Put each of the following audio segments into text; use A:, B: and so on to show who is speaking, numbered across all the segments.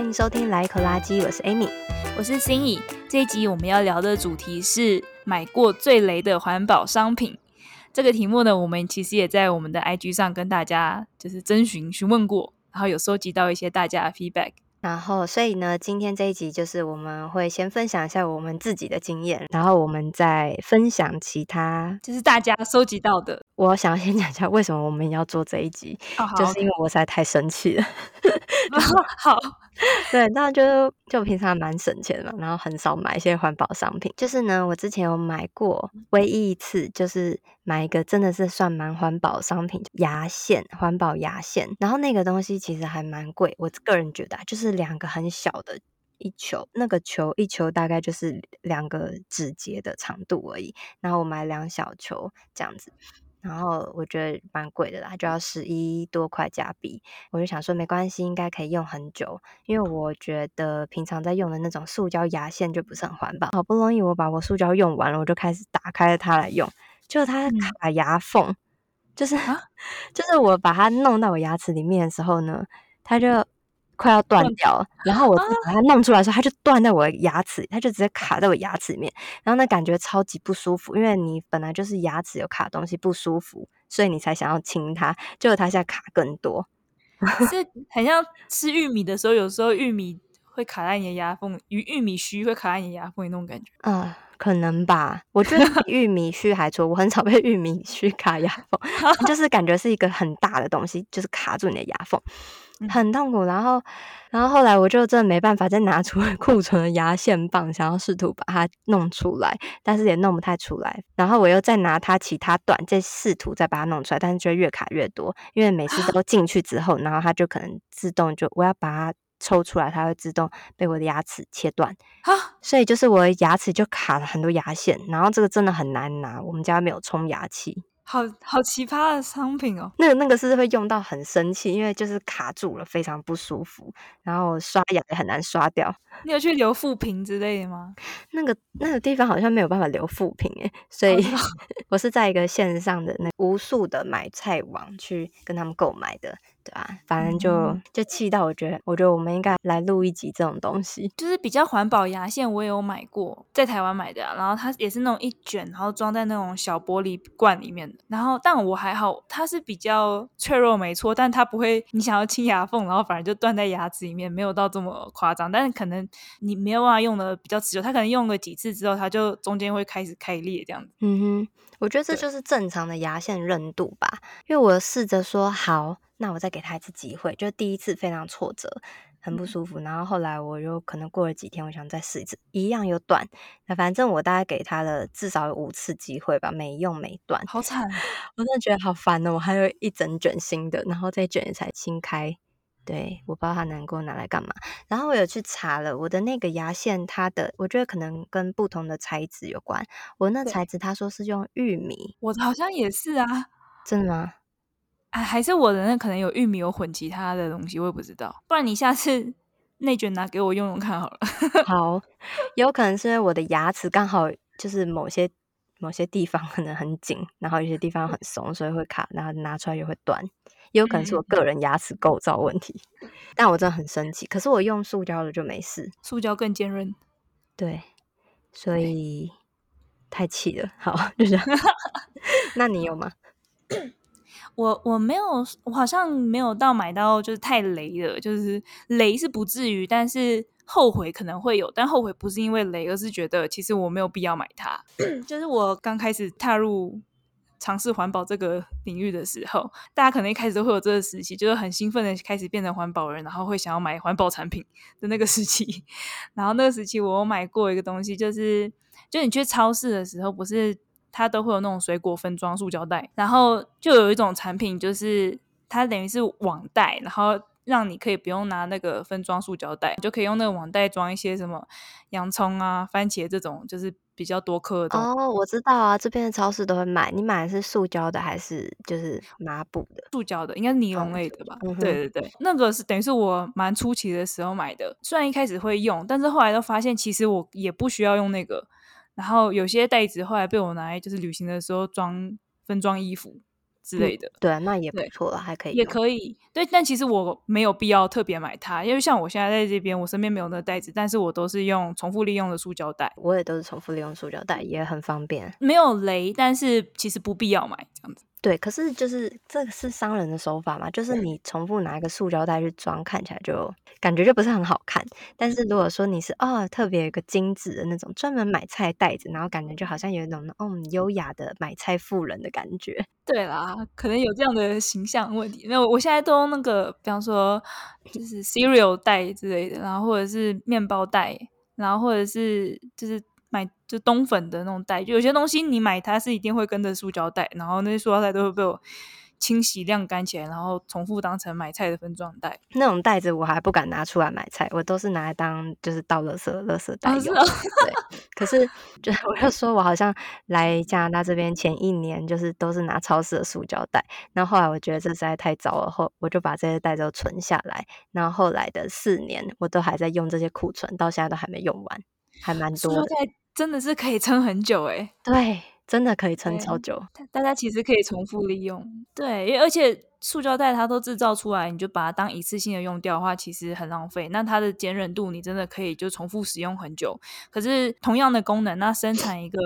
A: 歡迎收聽《來一口垃圾》，我是 Amy，我是心怡。這一集我們要聊的主題是買過最雷的環保商品。這個題目呢，我們其實也在我們的 IG 上跟大家就是徵詢詢問過，然後有收集到一些大家的 feedback。
B: 然後，所以呢，今天這一集就是我們會先分享一下我們自己的經驗，然後我們再分享其他，
A: 就是大家收集到的。
B: 我想要先講一下為什麼我們要做這一集，oh, okay. 就是因為我實在太生氣了。 然後 好，對，那就就平常蠻省錢嘛，然後很少買一些環保商品。就是呢，我之前有買過，唯一一次就是買一個真的是算蠻環保商品，牙線，環保牙線。然後那個東西其實還蠻貴，我個人覺得、啊、就是兩個很小的一球，那個球一球大概就是兩個指節的長度而已。然後我買兩小球這樣子。然後我覺得蠻貴的啦，就要十一多塊加幣。我就想說沒關係，應該可以用很久，因為我覺得平常在用的那種塑膠牙線就不是很環保。好不容易我把我塑膠用完了，我就開始打開了它來用，就它卡牙縫，就是就是我把它弄到我牙齒裡面的時候呢，它就。快要斷掉了，啊、然後我把它弄出來的時候，啊、它就斷在我的牙齒，它就直接卡在我的牙齒裡面，然後那感覺超級不舒服。因為你本來就是牙齒有卡的東西不舒服，所以你才想要清它，結果它現在卡更多，
A: 是 很像吃玉米的時候，有時候玉米會卡在你的牙縫，與玉米鬚會卡在你的牙縫那種感覺
B: 啊、呃，可能吧？我覺得比玉米鬚還粗， 我很少被玉米鬚卡牙縫， 就是感覺是一個很大的東西，就是卡住你的牙縫，很痛苦。然後，然後後來我就真的沒辦法，再拿出庫存的牙線棒，想要試圖把它弄出來，但是也弄不太出來。然後我又再拿它其他短，再試圖再把它弄出來，但是就越卡越多，因為每次都進去之後， 然後它就可能自動就我要把它。抽出來，它會自動被我的牙齒切斷啊！所以就是我的牙齒就卡了很多牙線，然後這個真的很難拿。我們家沒有沖牙器，
A: 好好奇葩的商品哦。
B: 那個那個是會用到很生氣，因為就是卡住了，非常不舒服，然後刷牙也很難刷掉。
A: 你有去留負評之類的嗎？
B: 那個那個地方好像沒有辦法留負評哎，所以棒， 我是在一個線上的那個、無數的買菜網去跟他們購買的。對啊，反正就就氣到我覺得，嗯、我覺得我們應該來錄一集這種東西。
A: 就是比較環保牙線，我也有買過，在台灣買的，啊，然後它也是那種一卷，然後裝在那種小玻璃罐裡面的。然後但我還好，它是比較脆弱，沒錯，但它不會你想要清牙縫，然後反而就斷在牙齒裡面，沒有到這麼誇張。但是可能你沒有辦、啊、法用得比較持久，它可能用了幾次之後，它就中間會開始開裂這樣子。
B: 嗯哼，我覺得這就是正常的牙線韌度吧。對因為我試着說好。那我再給他一次機會，就第一次非常挫折，很不舒服。嗯、然後後來我又可能過了幾天，我想再試一次，一樣又斷。那反正我大概給他了至少有五次機會吧，沒用，沒斷。好慘，我真的覺得好煩哦！我還有一整卷新的，然後再卷一才清開。對，我不知道它能夠拿來幹嘛。然後我有去查了，我的那個牙線，它的我覺得可能跟不同的材質有關。我那材質他說是用玉米。
A: 我好像也是啊，
B: 真的嗎？
A: 哎、啊，還是我的那可能有玉米，有混其他的東西，我也不知道。不然你下次內卷拿給我用用看好了。
B: 好，有可能是因為我的牙齒剛好就是某些某些地方可能很緊，然後有些地方很鬆，所以會卡，然後拿出來就會斷。也有可能是我個人牙齒構造問題，嗯嗯，但我真的很生氣。可是我用塑膠的就沒事，塑膠更堅韌。對，所以對太氣了。好，就這樣。
A: 那你有嗎？ 我我沒有，我好像沒有到買到就是太雷的，就是雷是不至於，但是後悔可能會有，但後悔不是因為雷，而是覺得其實我沒有必要買它。嗯，就是我剛開始踏入嘗試環保這個領域的時候，大家可能一開始都會有這個時期，就是很興奮的開始變成環保人，然後會想要買環保產品的那個時期。然後那個時期我買過一個東西，就是就你去超市的時候不是。它都會有那種水果分裝塑膠袋，然後就有一種產品，就是它等於是網袋，然後讓你可以不用拿那個分裝塑膠袋，就可以用那個網袋裝一些什麼洋蔥啊、番茄這種，就是比較多顆的。哦，
B: 我知道啊，這邊的超市都會買。你買的是塑膠的還是就是麻布的？塑膠的，應該尼龍類的吧？嗯哼，對對
A: 對，那個是等於是我蠻初期的時候買的，雖然一開始會用，但是後來都發現其實我也不需要用那個。然後有些袋子後來被我拿來，就是旅行的時候裝分裝衣服之類的。嗯。對啊，那也不錯了，還可以，也可以。對，但其實我沒有必要特別買它，因為像我現在在這邊，我身邊沒有那個袋子，但是我都是用重複利用的塑膠袋。我也都是重複利用塑膠袋，也很方便，沒有雷，但是其實不必要買這樣子。
B: 對，可是就是這個是商人的手法嘛，就是你重複拿一個塑膠袋去裝，嗯、看起來就感覺就不是很好看。但是如果說你是啊、哦，特別一個精緻的那種專門買菜袋子，然後感覺就好像有一種嗯優、哦、雅的買菜富人的感覺。
A: 對啦，可能有這樣的形象的問題。那我現在都用那個，比方說就是 cereal 袋之類的，然後或者是麵包袋，然後或者是就是。就冬粉的那種袋，就有些東西你買它是一定會跟着塑膠袋，然後那些塑膠袋都會被我清洗晾乾起來，然後重複當成買菜的分裝袋。
B: 那種袋子我還不敢拿出來買菜，我都是拿來當就是倒垃圾、垃圾袋用。哦啊、對，可是就我就說我好像來加拿大這邊前一年，就是都是拿超市的塑膠袋，然後後來我覺得這實在太糟了後，後我就把這些袋子都存下來，然後後來的四年我都還在用這些庫存，到現在都還沒用完，還蠻多的。
A: 真的是可以撐很久哎、欸，
B: 對，真的可以撐超久。
A: 大家其實可以重複利用，對，因為而且塑膠袋它都製造出來，你就把它當一次性的用掉的話，其實很浪費。那它的堅韌度，你真的可以就重複使用很久。可是同樣的功能，那生產一個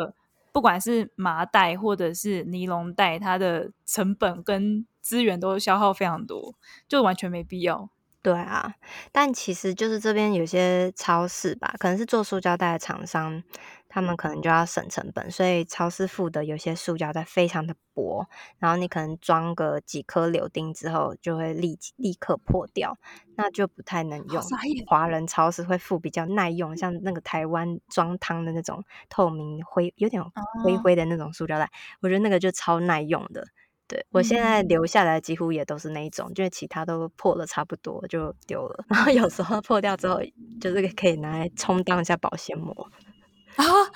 A: 不管是麻袋或者是尼龍袋，它的成本跟資源都消耗非常多，就完全沒必要。
B: 對啊，但其實就是這邊有些超市吧，可能是做塑膠袋的廠商，他們可能就要省成本，所以超市附的有些塑膠袋非常的薄，然後你可能裝個幾顆柳丁之後就會立即立刻破掉，那就不太能用。華人超市會附比較耐用，像那個台灣裝湯的那種透明灰、有點灰灰的那種塑膠袋，嗯，我覺得那個就超耐用的。對，我現在留下來幾乎也都是那一種，就是、嗯、其他都破了差不多就丟了。然後有時候破掉之後，就是可以拿來充當一下保鮮膜
A: 啊、哦。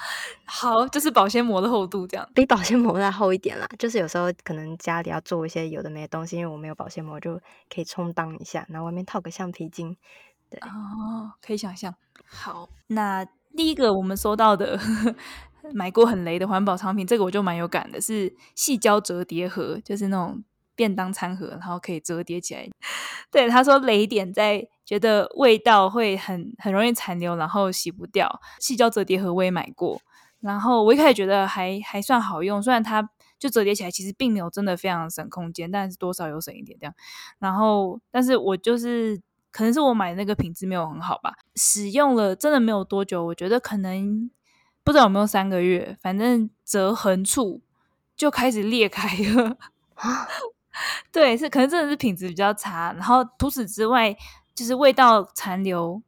A: 好，就是保鮮膜的厚度這樣，
B: 比保鮮膜要厚一點啦。就是有時候可能家裡要做一些有的沒的東西，因為我沒有保鮮膜，就可以充當一
A: 下。然後外面套個橡皮筋，對哦，可以想象。好，那第一個我們收到的。 買過很雷的環保商品，這個我就蠻有感的，是矽膠摺疊盒，就是那種便當餐盒，然後可以折疊起來。 對，他說雷點在覺得味道會很很容易殘留，然後洗不掉。矽膠摺疊盒我也買過，然後我一開始覺得還還算好用，雖然它就折疊起來其實並沒有真的非常省空間，但是多少有省一點這樣。然後，但是我就是可能是我買的那個品質沒有很好吧，使用了真的沒有多久，我覺得可能。不知道有沒有三個月，反正折痕處就開始裂開了。 對，是可能真的是品質比較差。然後除此之外，就是味道殘留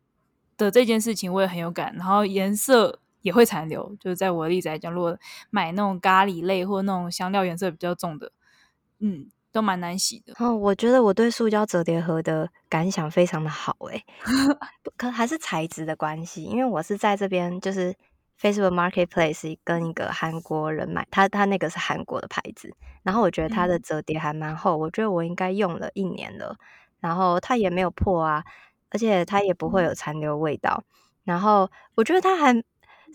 A: 的這件事情我也很有感。然後顏色也會殘留，就是在我的例子來講，如果買那種咖喱類或那種香料顏色比較重的，嗯，都蠻難洗的。
B: 哦，我覺得我對塑膠折疊盒的感想非常的好哎
A: 可還是材質的關係，因為我是在這
B: 邊就是。Facebook Marketplace 跟一個韓國人買，他他那個是韓國的牌子，然後我覺得它的折疊還蠻厚，我覺得我應該用了一年了，然後它也沒有破啊，而且它也不會有殘留味道，然後我覺得它還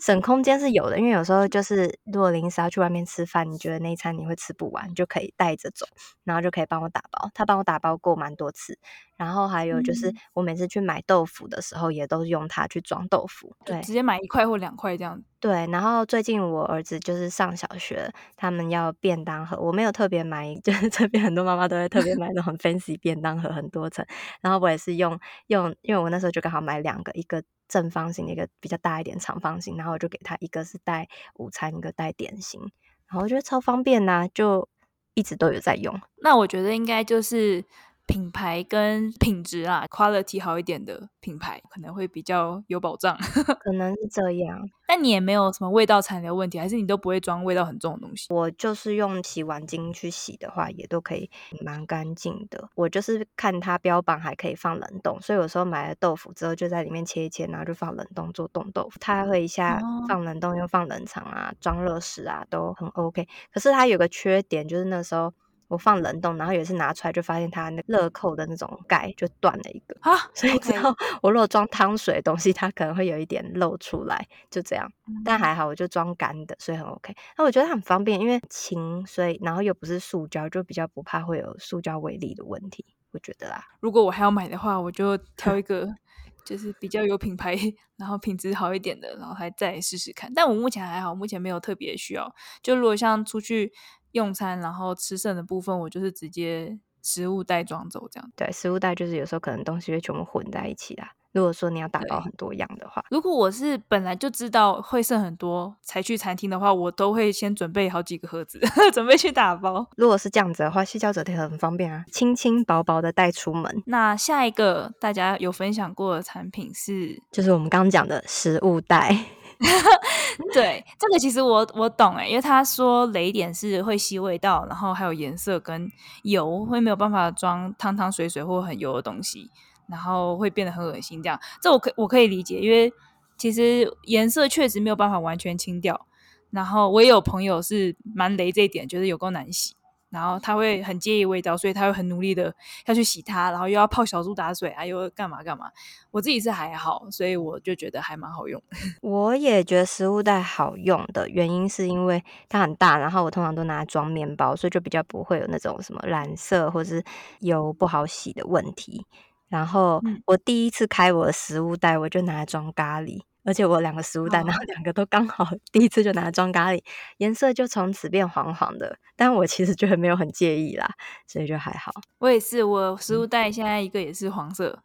B: 省空間是有的，因為有時候就是如果臨時要去外面吃飯，你覺得那一餐你會吃不完，就可以帶着走，然後就可以幫我打包，他幫我打包過蠻多次。然後還有就是，我每次去買豆腐的時候，也都是用它去裝豆腐，對。就直
A: 接買一塊或兩塊這樣。
B: 對，然後最近我兒子就是上小學，他們要便當盒，我沒有特別買，就是這邊很多媽媽都會特別買那種 fancy 便當盒，很多層。 然後我也是用用，因為我那時候就剛好買兩個，一個正方形，一個比較大一點長方形。然後我就給他一個是帶午餐，一個帶點心，然後我覺得超方便吶、啊，就一直都有在用。
A: 那我覺得應該就是。品牌跟品質啊，quality 好一點的品牌可能會比較有保障， 可能是這樣。但你也沒有什麼味道殘留問題，還是你都不會裝味道很重的東西？我就是用
B: 洗碗巾去洗的話，也都可以蠻乾淨的。我就是看它標榜還可以放冷凍，所以有時候買了豆腐之後，就在裡面切一切，然後就放冷凍做凍豆腐。它會一下放冷凍又、哦、放冷藏啊，裝熱食啊都很 OK。可是它有個缺點，就是那時候。我放冷凍，然後也是拿出來就發現它那樂扣的那種蓋就斷了一個，啊、所以之後 Okay. 我如果裝湯水的東西，它可能會有一點漏出來，就這樣。嗯、但還好，我就裝乾的，所以很 OK。那、啊、我覺得很方便，因為輕，所以然後又不是塑膠，就比較不怕會有塑膠微粒的問題，我覺得啦。
A: 如果我還要買的話，我就挑一個 就是比較有品牌，然後品質好一點的，然後還再試試看。但我目前還好，目前沒有特別需要。就如果像出去。用餐，然後吃剩的部分我就是直接食物袋裝走，這樣。
B: 對，食物袋就是有時候可能東西會全部混在一起啦。如果說你要打包很多樣的話，
A: 如果我是本來就知道會剩很多才去餐廳的話，我都會先準備好幾個盒子 準備去打包。
B: 如果是這樣子的話，矽膠折疊很方便啊，輕輕薄薄的帶出門。
A: 那下一個大家有分享過的產品是，
B: 就是我們剛剛講的食物袋。
A: 對，這個其實我我懂誒，因為他說雷點是會吸味道，然後還有顏色跟油會沒有辦法裝湯湯水水或很油的東西，然後會變得很惡心這樣。這我可我可以理解，因為其實顏色確實沒有辦法完全清掉。然後我也有朋友是蠻雷這一點，覺得有夠難洗。然後他會很介意味道，所以他會很努力的要去洗它，然後又要泡小蘇打水啊，又、哎、幹嘛幹嘛。我自己是還好，所以我就覺得還蠻好用。我
B: 也覺得食物袋好用的原因是因為它很大，然後我通常都拿來裝麵包，所以就比較不會有那種什麼染色或者油不好洗的問題。然後我第一次開我的食物袋，我就拿來裝咖喱。而且我兩個食物袋，呢、哦，兩個都剛好第一次就拿來裝咖喱，顏色就從此變黃黃的。但我其實就很沒有很介意啦，所以就還好。
A: 我也是，我食物袋現在一個也是黃色，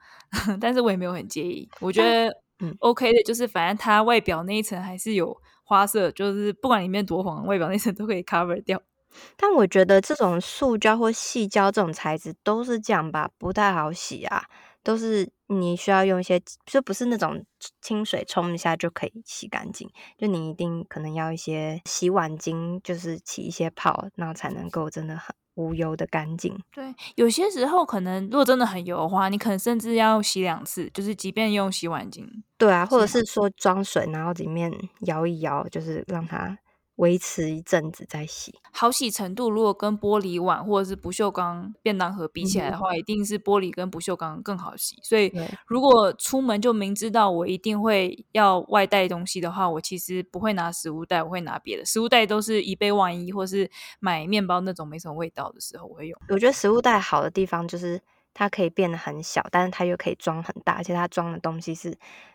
A: 嗯、但是我也沒有很介意。我覺得 OK 的，嗯、就是反正它外表那一層還是有花色，就是不管裡面多黃，外表那一層都可以 cover 掉。
B: 但我覺得這種塑膠或細膠這種材質都是這樣吧，不太好洗啊，都是。你需要用一些，就不是那種清水沖一下就可以洗乾淨，就你一定可能要一些洗碗精，就是起一些泡，然後才能夠真的很無油的乾淨。
A: 對，有些時候可能如果真的很油的話，你可能甚至要洗兩次，就是即便用洗碗精。碗
B: 精對啊，或者是說裝水，然後裡面搖一搖，就是讓它。維持一陣子再洗，
A: 好洗程度如果跟玻璃碗或者是不鏽鋼便當盒比起來的話，嗯哼，一定是玻璃跟不鏽鋼更好洗。所以如果出門就明知道我一定會要外帶東西的話，我其實不會拿食物袋，我會拿別的。食物袋都是以備萬一，或是買麵包那種沒什麼味道的時候我會用。
B: 我覺得食物袋好的地方就是。它可以變得很小，但是它又可以裝很大，而且它裝的東西是，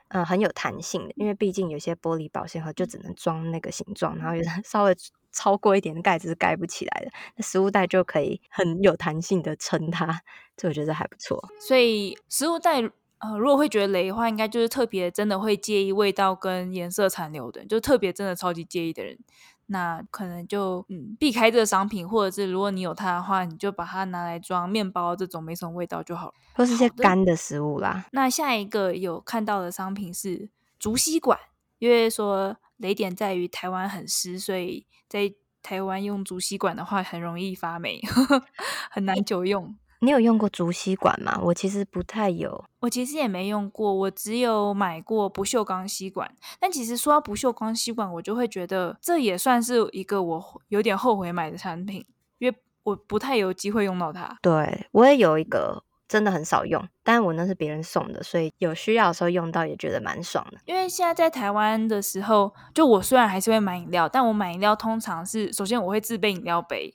B: 嗯、呃，很有彈性的。因為畢竟有些玻璃保鮮盒就只能裝那個形狀，然後就是稍微超過一點的蓋子是蓋不起來的。那食物袋就可以很有彈性的撐它，這我覺得還不錯。
A: 所以食物袋，呃，如果會覺得雷的話，應該就是特別真的會介意味道跟顏色殘留的，就特別真的超級介意的人。那可能就避開這個商品，嗯、或者是如果你有它的話，你就把它拿來裝麵包，這種沒什麼味道就好
B: 了，都是些乾的食物啦。
A: 那下一個有看到的商品是竹吸管，因為說雷點在於台灣很濕，所以在台灣用竹吸管的話很容易發霉， 很難久用。欸
B: 你有用過竹吸管嗎？我其實不太有，
A: 我其實也沒用過，我只有買過不鏽鋼吸管。但其實說到不鏽鋼吸管，我就會覺得這也算是一個我有點後悔買的產品，因為我不太有機會用到它。
B: 對，我也有一個真的很少用，但我那是別人送的，所以有需要的時候用到也覺得蠻爽的。
A: 因為現在在台灣的時候，就我雖然還是會買飲料，但我買飲料通常是首先我會自備飲料杯，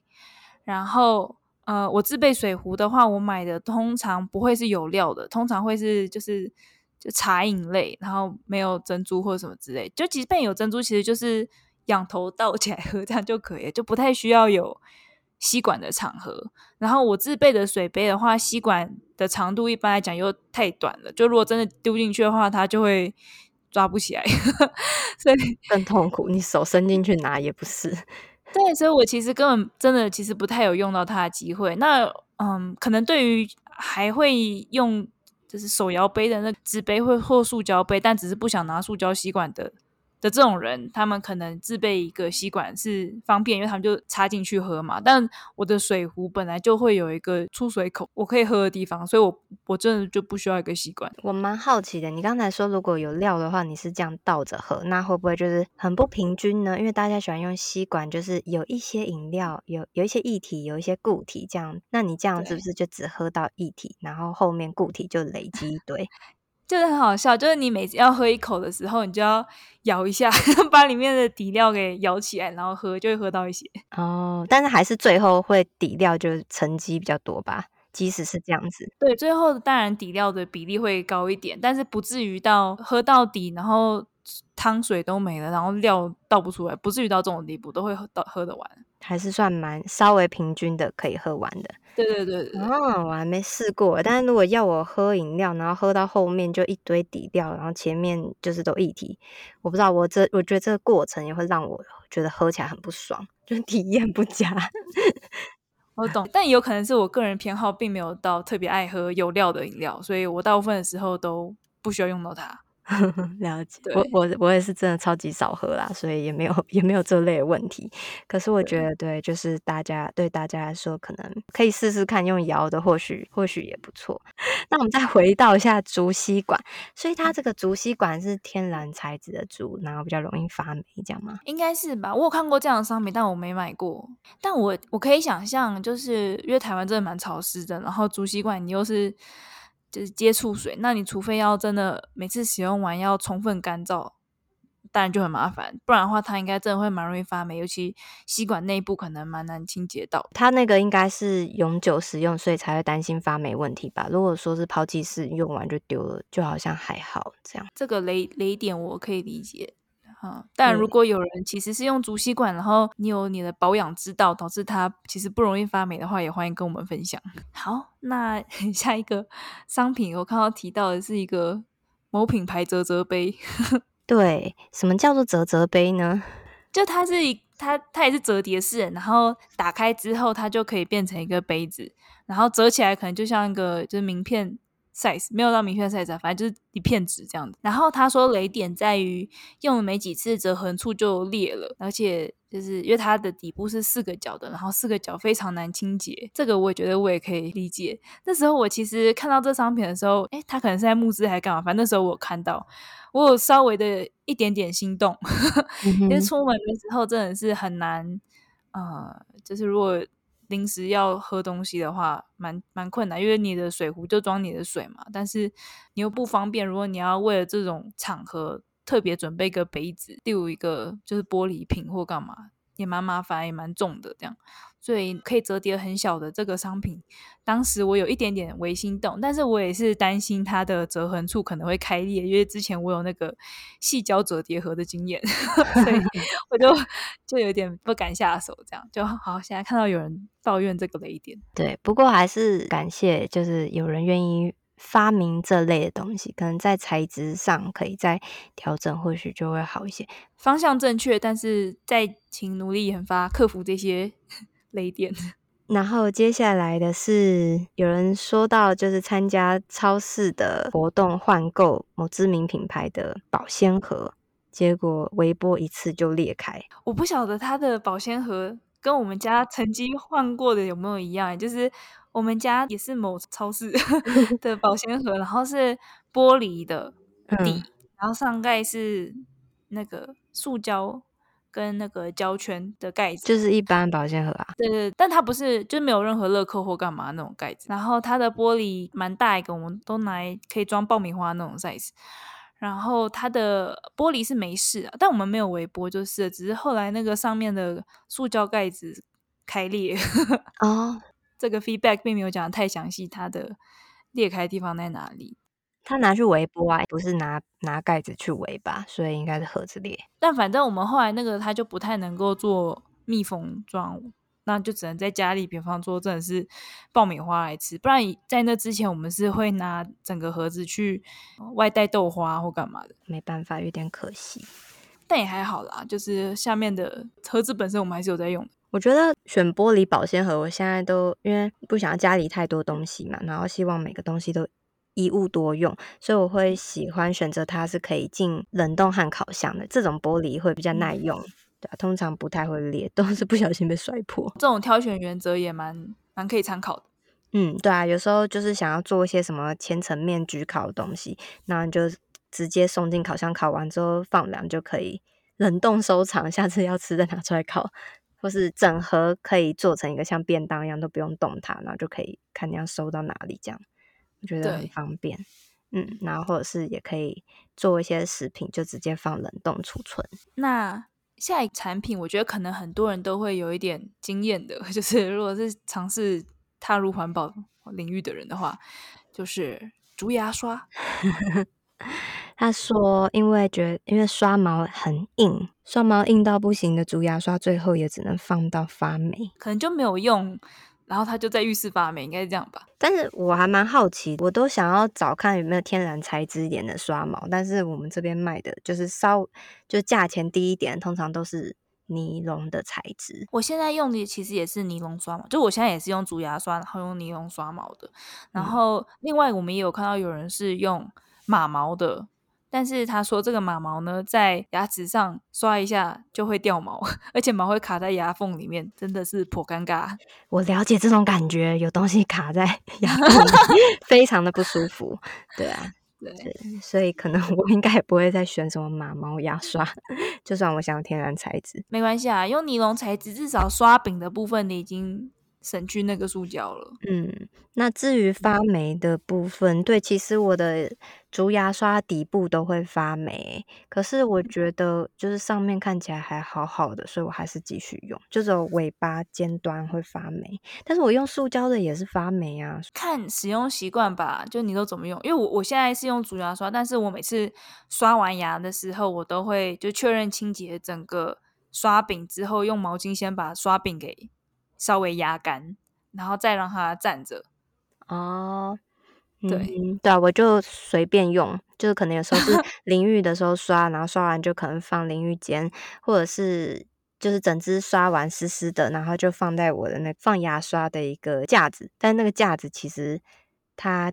A: 然後。呃，我自備水壺的話，我買的通常不會是有料的，通常會是就是就茶飲類，然後沒有珍珠或者什麼之類。就即便有珍珠，其實就是仰頭倒起來喝，這樣就可以，就不太需要有吸管的場合。然後我自備的水杯的話，吸管的長度一般來講又太短了，就如果真的丟進去的話，它就會抓不起來，
B: 所以更痛苦。你手伸進去拿也不是。
A: 對，所以我其實根本真的其實不太有用到它的機會。那嗯，可能對於還會用就是手搖杯的那紙杯會或塑膠杯，但只是不想拿塑膠吸管的的這種人，他們可能自備一個吸管是方便，因為他們就插進去喝嘛。但我的水壺本來就會有一個出水口，我可以喝的地方，所以我我真的就不需要一個吸管。我蠻好奇的，你剛才說如果
B: 有料的話，你是這樣倒着喝，那會不會就是很不平均呢？因為大家喜歡用吸管，就是有一些飲料，有有一些液體，有一些固體這樣。那你這樣是不是就只喝到液體，對然後後面固體就累積一堆？對
A: 就是很好笑，就是你每次要喝一口的時候，你就要搖一下，把裡面的底料給搖起來，然後喝，就會喝到一些。哦，
B: 但是還是最後會底料就沉積比較多吧，即使是這樣子，
A: 對，最後當然底料的比例會高一點，但是不至於到喝到底，然後湯水都沒了，然後料倒不出來，不至於到這種地步，都會喝到喝得完，
B: 還是算蠻稍微平均的，可以喝完的。
A: 對對對對,對，嗯、哦，我
B: 還沒試過，但是如果要我喝飲料，然後喝到後面就一堆底料，然後前面就是都液體，我不知道，我這我覺得這個過程也會讓我覺得喝起來很不爽，就體驗不佳。
A: 我懂，但有可能是我個人偏好，並沒有到特別愛喝有料的飲料，所以我大部分的時候都不需要用到它。 了解，對我我
B: 我也是真的超級少喝啦，所以也沒有也沒有這類問題。可是我覺得，對，對，就是大家對大家來說，可能可以試試看用搖的或，或許或許也不錯。那我們再回到一下竹吸管，所以它這個竹吸管是天然材質的竹，然後比較容易發霉，這樣嗎？
A: 應該是吧。我有看過這樣的商品，但我沒買過。但我我可以想象，就是因為台灣真的蠻潮濕的，然後竹吸管你又是。就是接觸水，那你除非要真的每次使用完要充分乾燥，當然就很麻煩。不然的話，它應該真的會蠻容易發霉，尤其吸管內部可能蠻難清潔到。
B: 它那個應該是永久使用，所以才會擔心發霉問題吧？如果說是拋棄式，用完就丟了，就好像還好
A: 這樣。這個雷雷點我可以理解。嗯，但如果有人其實是用竹吸管，然後你有你的保養之道，導致它其實不容易發霉的話，也歡迎跟我們分享。好，那下一個商品我剛剛提到的是一個某品牌折折杯。
B: 對，什麼叫做折折杯呢？
A: 就它是一，它它也是折疊式，然後打開之後它就可以變成一個杯子，然後折起來可能就像一個就是名片。size 沒有到明確的 size 啊，反正就是一片紙這樣子。然後他說雷點在於用了沒幾次，折痕處就裂了，而且就是因為它的底部是四個角的，然後四個角非常難清潔。這個我也覺得我也可以理解。那時候我其實看到這商品的時候，誒、欸、他可能是在募資還是幹嘛？反正那時候我看到，我有稍微的一點點心動。 mm hmm. 因為出門的時候真的是很難，呃，就是如果。臨時要喝東西的話蠻，蠻蠻困難，因為你的水壺就裝你的水嘛。但是你又不方便，如果你要為了這種場合特別準備個杯子，第五一個就是玻璃瓶或幹嘛。也蠻麻煩，也蠻重的，這樣，所以可以折疊很小的這個商品。當時我有一點點微心動，但是我也是擔心它的折痕處可能會開裂，因為之前我有那個矽膠折疊盒的經驗， 所以我就就有點不敢下手，這樣就好。現在看到有人抱怨這個雷點，
B: 對，不過還是感謝，就是有人願意。發明這類的東西，可能在材質上可以再調整，或許就會好一些。
A: 方向正確，但是再請努力研發，克服這些雷點。
B: 然後接下來的是有人說到，就是參加超市的活動換購某知名品牌的保鮮盒，結果微波一次就裂開。
A: 我不曉得他的保鮮盒跟我們家曾經換過的有沒有一樣、欸，就是。我們家也是某超市的保鮮盒， 然後是玻璃的底，嗯、然後上蓋是那個塑膠跟那個膠圈的蓋子，就是一
B: 般保鮮盒啊。對
A: 對，但它不是，就沒有任何樂扣或幹嘛那種蓋子。然後它的玻璃蠻大一個，我們都拿來可以裝爆米花那種 size。然後它的玻璃是沒事，但我們沒有微波，就是只是後來那個上面的塑膠蓋子開裂。哦。Oh. 這個 feedback 並沒有講的太詳細，它的裂開的地方在哪裡？
B: 他拿去微波啊，不是拿拿蓋子去微波，所以應該是盒子裂。
A: 但反正我們後來那個他就不太能夠做密封狀，那就只能在家裡，比方說真的是爆米花來吃。不然在那之前，我們是會拿整個盒子去外帶豆花或幹嘛的。沒辦法，有點可惜，但也還好啦。就是下面的盒子本身，我們還是有在用的。
B: 我覺得選玻璃保鮮盒，我現在都因為不想要家裡太多東西嘛，然後希望每個東西都一物多用，所以我會喜歡選擇它是可以進冷凍和烤箱的。這種玻璃會比較耐用，對啊，通常不太會裂，都是不小心被摔破。這
A: 種挑選原則也蠻蠻可以參考的。
B: 嗯，對啊，有時候就是想要做一些什麼千層麵焗烤的東西，那你就直接送進烤箱，烤完之後放涼就可以冷凍收藏，下次要吃再拿出來烤。或是整合可以做成一個像便當一樣，都不用動它，然後就可以看你要收到哪裡這樣，我覺得很方便。對嗯，然後或者是也可以做一些食品，就直接放冷凍儲存。
A: 那下一產品，我覺得可能很多人都會有一點經驗的，就是如果是嘗試踏入環保領域的人的話，就是竹牙刷。
B: 他說，因為覺得因為刷毛很硬，刷毛硬到不行的竹牙刷，最後也只能放到發霉，
A: 可能就沒有用。然後他就在浴室發霉，應該是這樣吧。
B: 但是我
A: 還蠻好奇，
B: 我都想要找看有沒有天然材質一點的刷毛，但是我們這邊賣的就是稍就價錢低一點，通常都是尼龍的材質。
A: 我現在用的其實也是尼龍刷毛，就我現在也是用竹牙刷，然後用尼龍刷毛的。然後另外我們也有看到有人是用馬毛的。但是他說這個馬毛呢，在牙齒上刷一下就會掉毛，而且毛會卡在牙縫裡面，真的是頗尷尬。
B: 我了解這種感覺，有東西卡在牙縫裡， 非常的不舒服。對啊，對，對，所以可能我應該也不會再選什麼馬毛牙刷，就算我想要天然材質，
A: 沒關係啊，用尼龍材質至少刷柄的部分你已經。省去那個塑膠了。
B: 嗯，那至於發霉的部分，對，其實我的竹牙刷底部都會發霉，可是我覺得就是上面看起來還好好的，所以我還是繼續用，就是尾巴尖端會發霉，但是我用塑膠的也是發霉啊。
A: 看使用習慣吧，就你都怎麼用？因為我我現在是用竹牙刷，但是我每次刷完牙的時候，我都會就確認清潔整個刷柄之後，用毛巾先把刷柄給。稍微壓乾，然後再讓它站
B: 着。哦，嗯、對對、啊、我就隨便用，就是可能有時候是淋浴的時候刷， 然後刷完就可能放淋浴間，或者是就是整支刷完濕濕的，然後就放在我的那放牙刷的一個架子，但那個架子其實它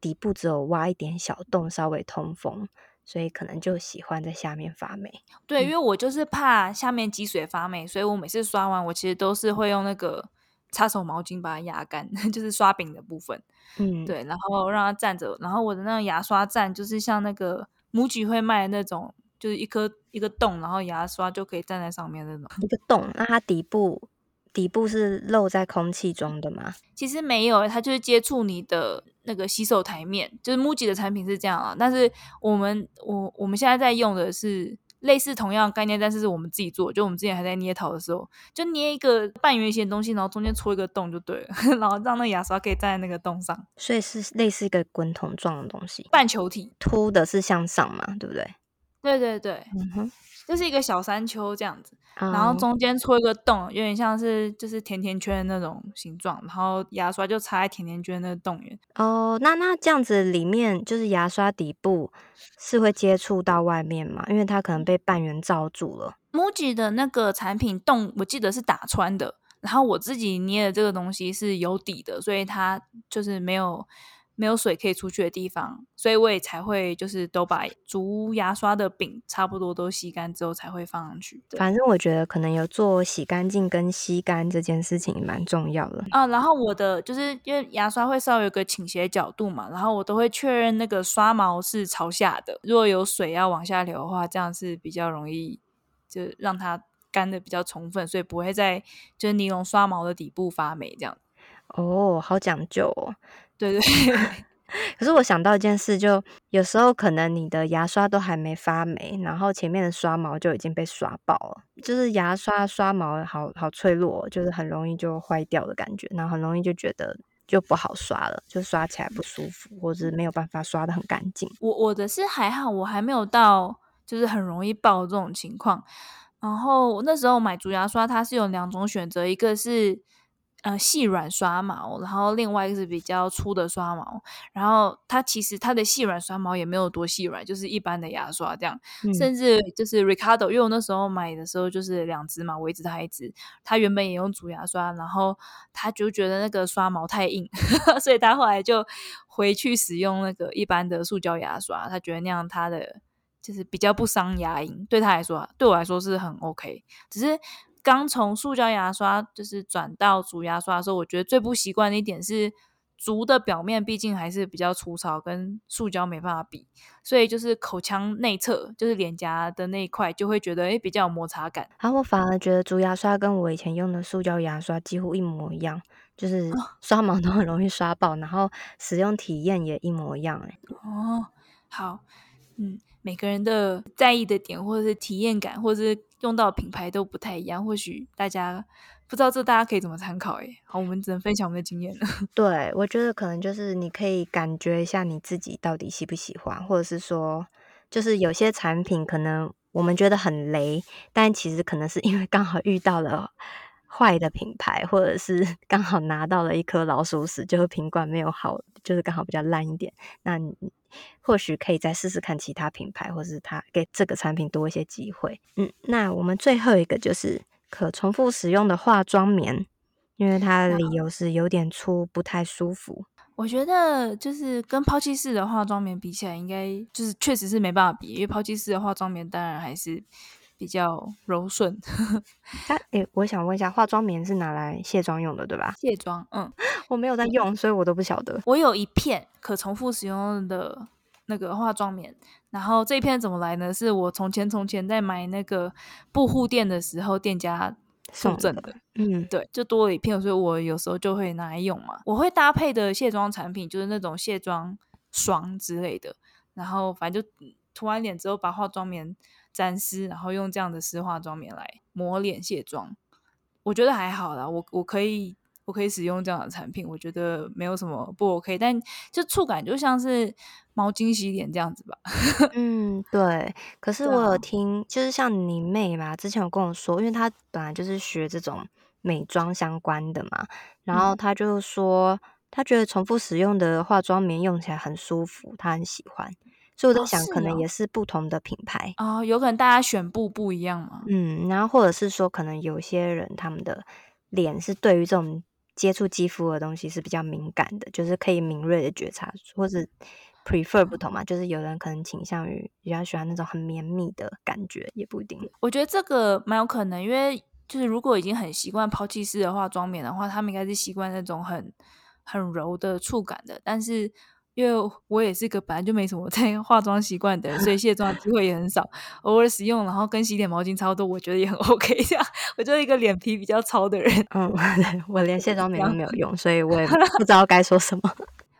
B: 底部只有挖一點小洞，稍微通風。所以可能就喜歡在下面發霉，
A: 對，因為我就是怕下面積水發霉，嗯、所以我每次刷完，我其實都是會用那個擦手毛巾把它壓乾，就是刷柄的部分，嗯，對，然後讓它站着，然後我的那個牙刷站就是像那個模具會賣的那種，就是一顆一個洞，然後牙刷就可以站在上面的那種，
B: 一個洞，那、啊、它底部。底部是露在空氣中的嗎？
A: 其實沒有，它就是接觸你的那個洗手台面。就是 MUJI 的產品是這樣啊，但是我們我我們現在在用的是類似同樣概念，但是是我們自己做。就我們之前還在捏陶的時候，就捏一個半圓形的東西，然後中間戳一個洞就對了，然後讓那牙刷可以站在那個洞上。
B: 所以是類似一個滾筒狀的東西，半球體，凸的是向上嘛，對不對？
A: 對對對，嗯哼。就是一個小山丘這樣子，嗯，然後中間戳一個洞，有點像是就是甜甜圈的那種形狀，然後牙刷就插在甜甜圈的那個洞裡。
B: 哦，那那這樣子裡面就是牙刷底部是會接觸到外面嗎？因為它可能被半圓罩住了。
A: Muji 的那個產品洞我記得是打穿的，然後我自己捏的這個東西是有底的，所以它就是沒有。沒有水可以出去的地方，所以我也才會就是都把竹牙刷的柄差不多都吸乾之後才會放上去。反正我覺
B: 得可能有做洗乾淨跟吸乾這件事情蠻重要的
A: 啊。然後我的就是因為牙刷會稍微有個傾斜角度嘛，然後我都會確認那個刷毛是朝下的。如果有水要往下流的話，這樣是比較容易就讓它乾得比較充分，所以不會在就是尼龍刷毛的底部發霉這樣。哦，
B: 好講究哦。對對，對， 可是我想到一件事就，就有時候可能你的牙刷都還沒發霉，然後前面的刷毛就已經被刷爆了，就是牙刷刷毛好好脆弱哦，就是很容易就壞掉的感覺，然後很容易就覺得就不好刷了，就刷起來不舒服，或者沒有辦法刷的很乾淨。
A: 我我的是還好，我還沒有到就是很容易爆這種情況。然後那時候買竹牙刷，它是有兩種選擇，一個是。呃，細軟刷毛，然後另外一個是比較粗的刷毛，然後它其實它的細軟刷毛也沒有多細軟，就是一般的牙刷這樣，嗯、甚至就是 Ricardo，因為我那時候買的時候就是兩隻嘛，我一支他一支，他原本也用竹牙刷，然後他就覺得那個刷毛太硬呵呵，所以他後來就回去使用那個一般的塑膠牙刷，他覺得那樣他的就是比較不傷牙齦，對他來說，對我來說是很 OK，只是。剛從塑膠牙刷就是轉到竹牙刷的時候，我覺得最不習慣的一點是，竹的表面畢竟還是比較粗糙，跟塑膠沒辦法比，所以就是口腔內側，就是臉頰的那一塊，就會覺得欸、比較有摩擦感。
B: 然後、啊、我反而覺得竹牙刷跟我以前用的塑膠牙刷幾乎一模一樣，就是刷毛都很容易刷爆，然後使用體驗也一模一樣、欸、
A: 哦，好，嗯，每個人的在意的點或者是體驗感，或者是。用到的品牌都不太一樣，或許大家不知道這，大家可以怎麼參考欸，好，我們只能分享我們的經驗了。
B: 對，我覺得可能就是你可以感覺一下你自己到底喜不喜歡，或者是說，就是有些產品可能我們覺得很雷，但其實可能是因為剛好遇到了。壞的品牌，或者是剛好拿到了一顆老鼠屎，就是品管沒有好，就是剛好比較爛一點。那你或許可以再試試看其他品牌，或是它給這個產品多一些機會。嗯，那我們最後一個就是可重複使用的化妝棉，因為它的理由是有點粗，不太舒服。
A: 我覺得就是跟拋棄式的化妝棉比起來，應該就是確實是沒辦法比，因為拋棄式的化妝棉當然還是。比較柔順。
B: 啊，哎、欸，我想問一下，化妝棉是拿來卸妝用的，對吧？
A: 卸妝，嗯，我沒有在用，嗯、
B: 所以我都不曉得。
A: 我有一片可重複使用的那個化妝棉，然後這一片怎麼來呢？是我從前從前在買那個布護墊的時候，店家送贈的。嗯，對，就多了一片，所以我有時候就會拿來用嘛。我會搭配的卸妝產品就是那種卸妝霜之類的，然後反正就塗完臉之後把化妝棉。沾濕，然後用這樣的濕化妝棉來抹臉卸妝，我覺得還好啦，我我可以，我可以使用這樣的產品，我覺得沒有什麼不 OK。但就觸感就像是毛巾洗臉這樣子吧。 嗯，
B: 對。可是我有聽，啊、就是像你妹嘛，之前有跟我說，因為她本來就是學這種美妝相關的嘛，然後她就說，嗯、她覺得重複使用的化妝棉用起來很舒服，她很喜歡。
A: 所以我在想，可能也
B: 是不同的品牌
A: 哦，哦，哦。有可能大家選布不一樣
B: 嘛。嗯，然後或者是說，可能有些人他們的臉是對於這種接觸肌膚的東西是比較敏感的，就是可以敏銳的覺察，或者 prefer 不同嘛。嗯，就是有人可能傾向於比較喜歡那種很綿密的感覺，也不一定。
A: 我覺得這個蠻有可能，因為就是如果已經很習慣拋棄式的化妝棉的話，他們應該是習慣那種很很柔的觸感的，但是。因為我也是個本來就沒什麼在化妝習慣的人，所以卸妝機會也很少， 偶爾使用，然後跟洗臉毛巾操作，我覺得也很 OK 呀。我就是一個臉皮比較糙的人。嗯，我連卸妝棉都沒有
B: 用，這樣 所以我也不知道該說什麼。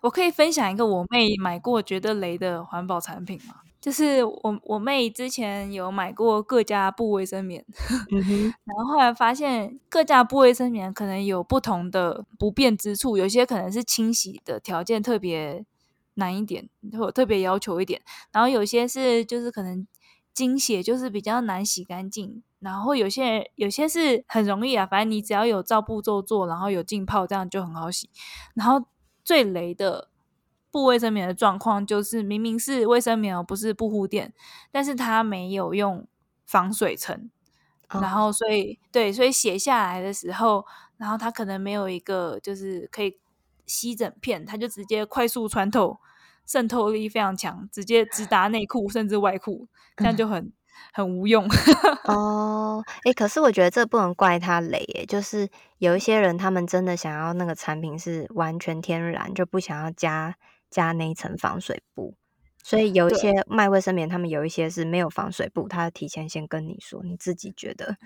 A: 我可以分享一個我妹買過覺得雷的環保產品嗎？就是我我妹之前有買過各家布衛生棉，嗯、哼然後後來發現各家布衛生棉可能有不同的不便之處，有些可能是清洗的條件特別。難一點，我特別要求一點，然後有些是就是可能經血，就是比較難洗乾淨，然後有些有些是很容易啊，反正你只要有照步驟做，然後有浸泡，這樣就很好洗。然後最雷的布衛生棉的狀況就是明明是衛生棉哦，不是布護墊，但是它沒有用防水層，哦、然後所以對，所以洗下來的時候，然後它可能沒有一個就是可以，吸整片，它就直接快速穿透，滲透力非常強，直接直達內褲甚至外褲，這樣就很、嗯、很無用。
B: 哦，哎，可是我覺得這不能怪它雷耶，就是有一些人他們真的想要那個產品是完全天然，就不想要加加那一層防水布。所以有一些賣衛生棉，他們有一些是沒有防水布，他提前先跟你說，你自己覺得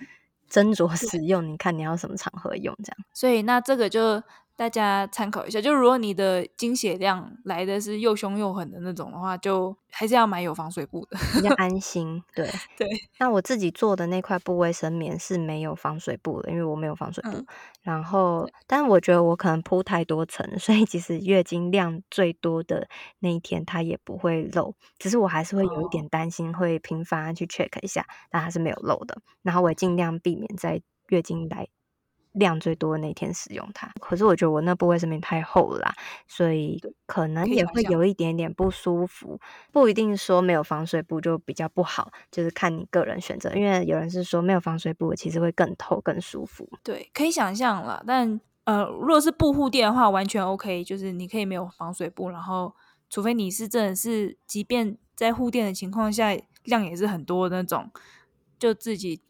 B: 斟酌使用，對你看你要什麼場合用這樣。
A: 所以那這個就。大家參考一下，就如果你的經血量來的是又兇又狠的那種的話，就還是要買有防水布的，比
B: 較安心。對
A: 對，那我自己
B: 做的那塊布衛生棉是沒有防水布的，因為我沒有防水布。嗯、然後，但是我覺得我可能鋪太多層，所以其實月經量最多的那一天它也不會漏，只是我還是會有一點擔心，哦、會頻繁去 check 一下，但還是沒有漏的。然後我也盡量避免在月經來。量最多的那天使用它，可是我覺得我那布衛生棉太厚了啦，所以可能也會有一點點不舒服。不一定說沒有防水布就比較不好，就是看你個人選擇。因為有人是說沒有防水布其實會更透、更舒服。
A: 對，可以想象了。但呃，如果是布護墊的話，完全 OK，就是你可以沒有防水布，然後除非你是真的是即便在護墊的情況下量也是很多的那種，就自己。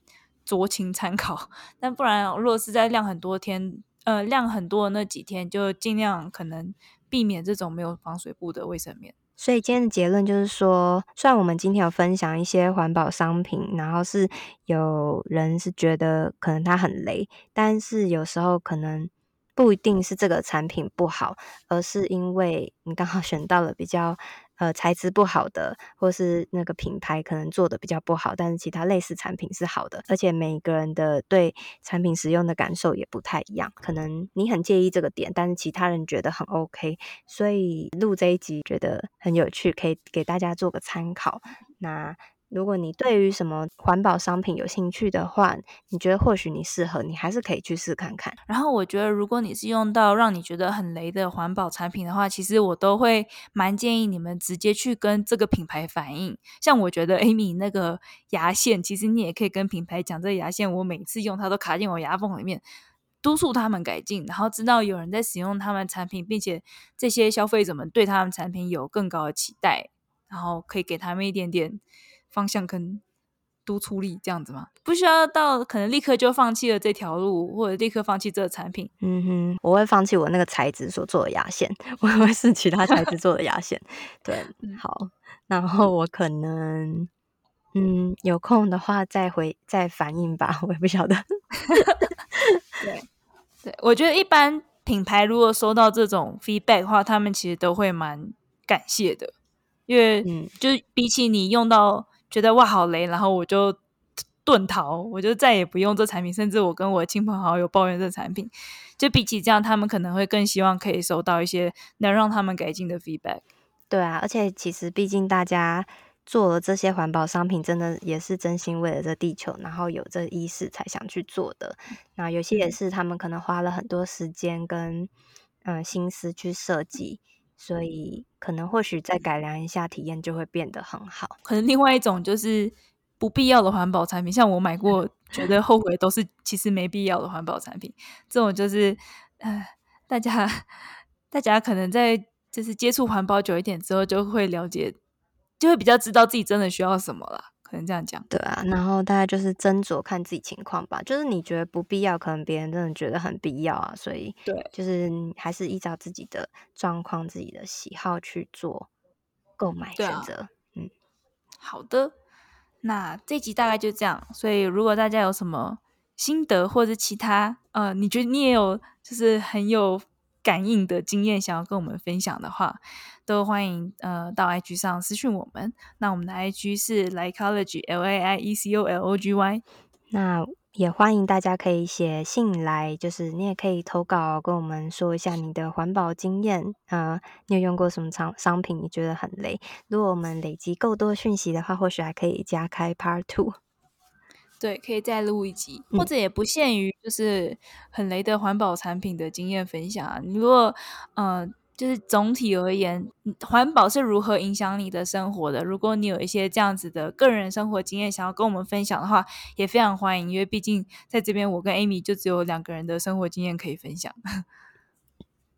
A: 酌情參考，但，不然，如果是在量很多天，呃，量很多的那幾天，就儘量可能避免這種沒有防水布的衛生棉。
B: 所以今天的結論就是說，雖然我們今天有分享一些環保商品，然後是有人是覺得可能它很雷，但是有時候可能不一定是這個產品不好，而是因為你剛好選到了比較。呃，材質不好的，或是那個品牌可能做的比較不好，但是其他類似產品是好的，而且每個人的對產品使用的感受也不太一樣，可能你很介意這個點，但是其他人覺得很 OK，所以錄這一集覺得很有趣，可以給大家做個參考。那。如果你對於什麼環保商品有興趣的話，你覺得或許你適合，你還是可以去試看看。
A: 然後我覺得，如果你是用到讓你覺得很雷的環保產品的話，其實我都會蠻建議你們直接去跟這個品牌反映。像我覺得 Amy 那個牙線，其實你也可以跟品牌講，這牙線我每次用它都卡進我牙縫裡面，督促他們改進，然後知道有人在使用他們產品，並且這些消費者們對他們產品有更高的期待，然後可以給他們一點點。方向跟督促力這樣子嘛，不需要到可能立刻就放棄了這條路，或者立刻放棄這個產品。嗯哼，
B: 我會放棄我那個材質所做的牙線， 我會試其他材質做的牙線。 對，好，然後我可能嗯，嗯有空的話再回再反映吧，我也不曉得。
A: 對對，我覺得一般品牌如果收到這種 feedback 的話，他們其實都會蠻感謝的，因為就比起你用到。覺得哇好雷，然後我就遁逃，我就再也不用這產品，甚至我跟我親朋好友抱怨這產品。就比起這樣，他們可能會更希望可以收到一些能讓他們改進的 feedback。對啊，而且其實畢竟大家做了這些環保商品，真的
B: 也是真心為了這地球，然後有這意識才想去做的。那有些也是他們可能花了很多時間跟嗯心思去設計。所以可能或許再改良
A: 一下，體驗就會變得很好。可能另外一種就是不必要的環保產品，像我買過覺得後悔，都是其實沒必要的環保產品。 這種就是，呃，大家大家可能在就是接觸環保久一點之後，就會了解，就會比較知道自己真的需要什麼了。可能這樣講，
B: 對啊，然後大家就是斟酌看自己情況吧。嗯、就是你覺得不必要，可能別人真的覺得很必要啊。所以對，就是還是依照自己的狀況、自己的喜好去做
A: 購買選擇。
B: 啊、嗯，
A: 好的，那這集大概就這樣。所以如果大家有什麼心得或者其他呃，你覺得你也有，就是很有。感應的經驗想要跟我們分享的話，都歡迎呃到 IG 上私訊我們。那我們的 IG 是 lai ecology l a i e c o l o g y。那也歡迎大家可以寫信來，就是你也可以投稿跟我
B: 們說一下你的環保經驗啊、呃，你有用過什麼商商品，你覺得很雷。如果我們累積夠多訊息的話，或許還可以加開 part two。
A: 對，可以再錄一集，或者也不限於就是很雷的環保產品的經驗分享啊。你如果嗯、呃，就是總體而言，環保是如何影響你的生活的？如果你有一些這樣子的個人生活經驗想要跟我們分享的話，也非常歡迎，因為畢竟在這邊我跟 Amy 就只有兩個人的生活經驗可以分享。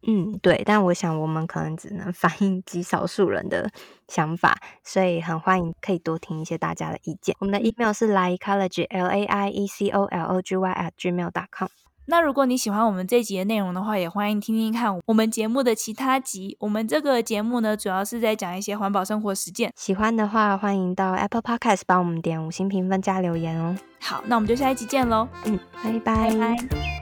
B: 嗯，對，但我想我們可能只能反映極少數人的想法，所以很歡迎可以多聽一些大家的意見。我們的 email 是 laiecology l a i e c o l o g y at gmail dot com。
A: 那如果你喜歡我們這集的內容的話，也歡迎聽，聽聽看我們節目的其他集。我們這個節目呢，主要是在講一些環保生活實踐。
B: 喜歡的話，歡迎到 Apple Podcast 幫我們點五星評分加留言哦。
A: 好，那我們就下一集見嘍。嗯，拜拜。Bye bye